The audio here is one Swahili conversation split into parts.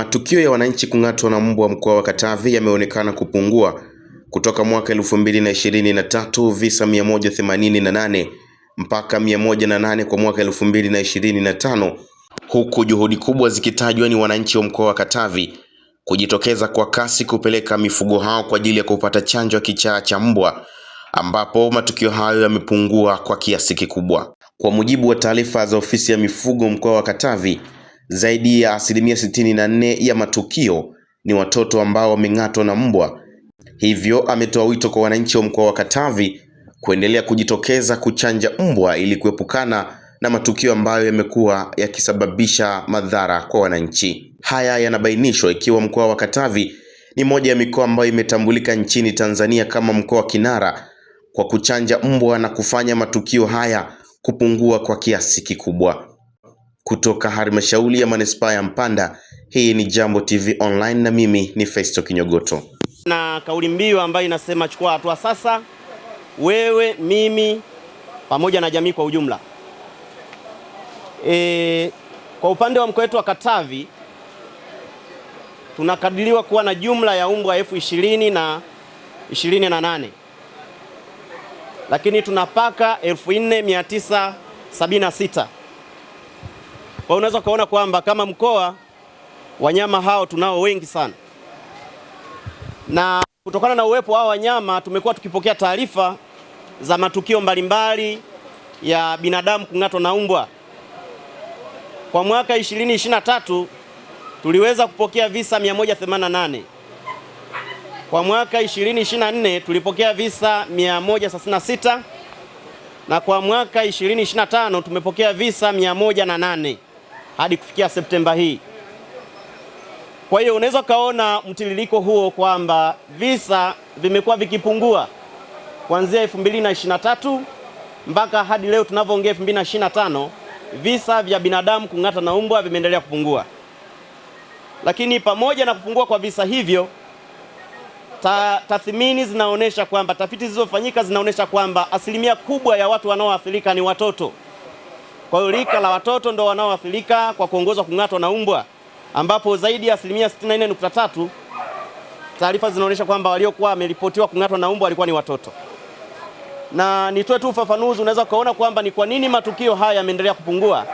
Matukio ya wananchi kung'atwa na mbwa mkoa wa Katavi yameonekana kupungua kutoka mwaka 2023 visa 188 mpaka 108 kwa mwaka 2025, huku juhudi kubwa zikitajwa ni wananchi wa mkoa wa Katavi kujitokeza kwa kasi kupeleka mifugo hao kwa ajili ya kupata chanjo ya kichaa cha mbwa ambapo matukio hayo yamepungua kwa kiasi kikubwa. Kwa mujibu wa taarifa za ofisi ya mifugo mkoa wa Katavi zaidi ya asilimia sitini na nne ya matukio ni watoto ambao wameng'atwa na mbwa. Hivyo ametoa wito kwa wananchi wa mkoa wa Katavi kuendelea kujitokeza kuchanja mbwa ili kuepukana na matukio ambayo yamekuwa yakisababisha madhara kwa wananchi. Haya yanabainishwa ikiwa mkoa wa Katavi ni moja ya mikoa ambayo imetambulika nchini Tanzania kama mkoa wa kinara kwa kuchanja mbwa na kufanya matukio haya kupungua kwa kiasi kikubwa kutoka halmashauri ya manispaa ya Mpanda. Hii ni Jambo TV Online na mimi ni Festo Kinyogoto, na kauli mbiu ambayo inasema chukua hatua sasa, wewe, mimi pamoja na jamii kwa ujumla. E, kwa upande wa mkoa wetu wa Katavi tunakadiriwa kuwa na jumla ya umbwa elfu ishirini na ishirini na nane lakini tuna paka 4976 kwa hiyo unaweza kuona kwamba kama mkoa wanyama hao tunao wengi sana, na kutokana na uwepo wa wanyama tumekuwa tukipokea taarifa za matukio mbalimbali mbali ya binadamu kung'atwa na mbwa. Kwa mwaka 2023 tuliweza kupokea visa 188. Kwa mwaka 2024 tulipokea visa 166 na kwa mwaka 2025 tumepokea visa 108 hadi kufikia Septemba hii. Kwa hiyo unaweza ukaona mtiririko huo kwamba visa vimekuwa vikipungua kuanzia 2023 mpaka hadi leo tunavyoongea 2025, visa vya binadamu kung'ata na mbwa vimeendelea kupungua. Lakini pamoja na kupungua kwa visa hivyo, ta, tathmini zinaonyesha kwamba, tafiti zilizofanyika zinaonyesha kwamba asilimia kubwa ya watu wanaoathirika ni watoto. Kwa hiyo rika la watoto ndio wanaoathirika kwa kuongozwa kung'atwa na mbwa, ambapo zaidi ya asilimia 64.3 taarifa zinaonyesha kwamba waliokuwa wameripotiwa kung'atwa na mbwa walikuwa ni watoto. Na nitoe tu ufafanuzi, unaweza ukaona kwamba ni kwa nini matukio haya yameendelea kupungua.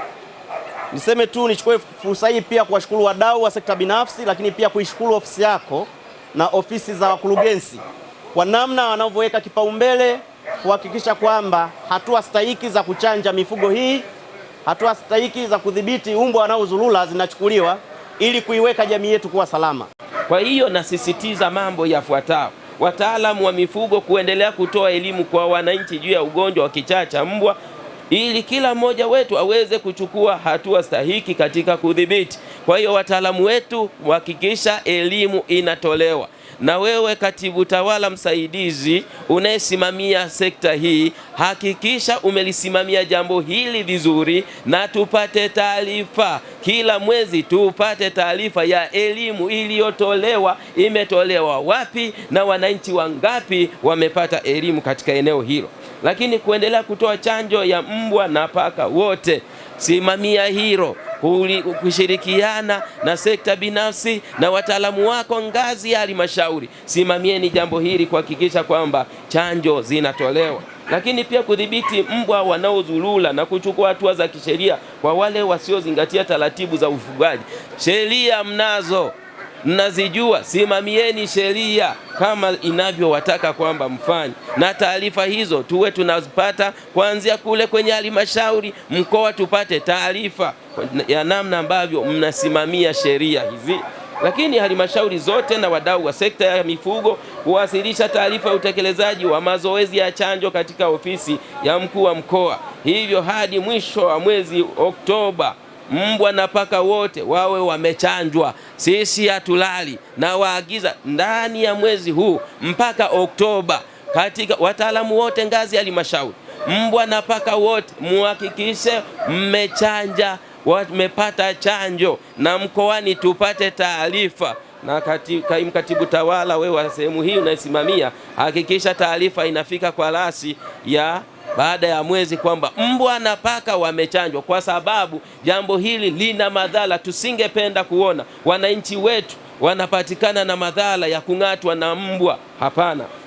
Niseme tu, nichukue fursa hii pia kuwashukuru wadau wa sekta binafsi, lakini pia kuishukuru ofisi yako na ofisi za wakurugenzi kwa namna wanavyoweka kipaumbele kuhakikisha kwamba hatua stahiki za kuchanja mifugo hii hatua stahiki za kudhibiti umbo wanaozulula zinachukuliwa ili kuiweka jamii yetu kuwa salama. Kwa hiyo nasisitiza mambo yafuatayo: wataalamu wa mifugo kuendelea kutoa elimu kwa wananchi juu ya ugonjwa wa kichaa cha mbwa ili kila mmoja wetu aweze kuchukua hatua stahiki katika kudhibiti. Kwa hiyo wataalamu wetu kuhakikisha elimu inatolewa. Na wewe katibu tawala msaidizi unayesimamia sekta hii, hakikisha umelisimamia jambo hili vizuri, na tupate taarifa kila mwezi, tupate taarifa ya elimu iliyotolewa, imetolewa wapi na wananchi wangapi wamepata elimu katika eneo hilo. Lakini kuendelea kutoa chanjo ya mbwa na paka wote, simamia hilo kushirikiana na sekta binafsi na wataalamu wako ngazi ya halmashauri. Simamieni jambo hili kuhakikisha kwamba chanjo zinatolewa, lakini pia kudhibiti mbwa wanaozurula na kuchukua hatua za kisheria kwa wale wasiozingatia taratibu za ufugaji. Sheria mnazo mnazijua simamieni sheria kama inavyowataka kwamba mfanye, na taarifa hizo tuwe tunazipata kuanzia kule kwenye halmashauri mkoa, tupate taarifa ya namna ambavyo mnasimamia sheria hizi, lakini halmashauri zote na wadau wa sekta ya mifugo huwasilisha taarifa ya utekelezaji wa mazoezi ya chanjo katika ofisi ya mkuu wa mkoa. Hivyo hadi mwisho wa mwezi Oktoba mbwa na paka wote wawe wamechanjwa. Sisi hatulali na waagiza ndani ya mwezi huu mpaka Oktoba, katika wataalamu wote ngazi ya halmashauri, mbwa na paka wote muhakikishe mmechanja wamepata chanjo, na mkoani tupate taarifa na kati, kaimu katibu tawala, wewe wa sehemu hii unaisimamia, hakikisha taarifa inafika kwa rasi ya baada ya mwezi kwamba mbwa na paka wamechanjwa, kwa sababu jambo hili lina madhara. Tusingependa kuona wananchi wetu wanapatikana na madhara ya kung'atwa na mbwa. Hapana.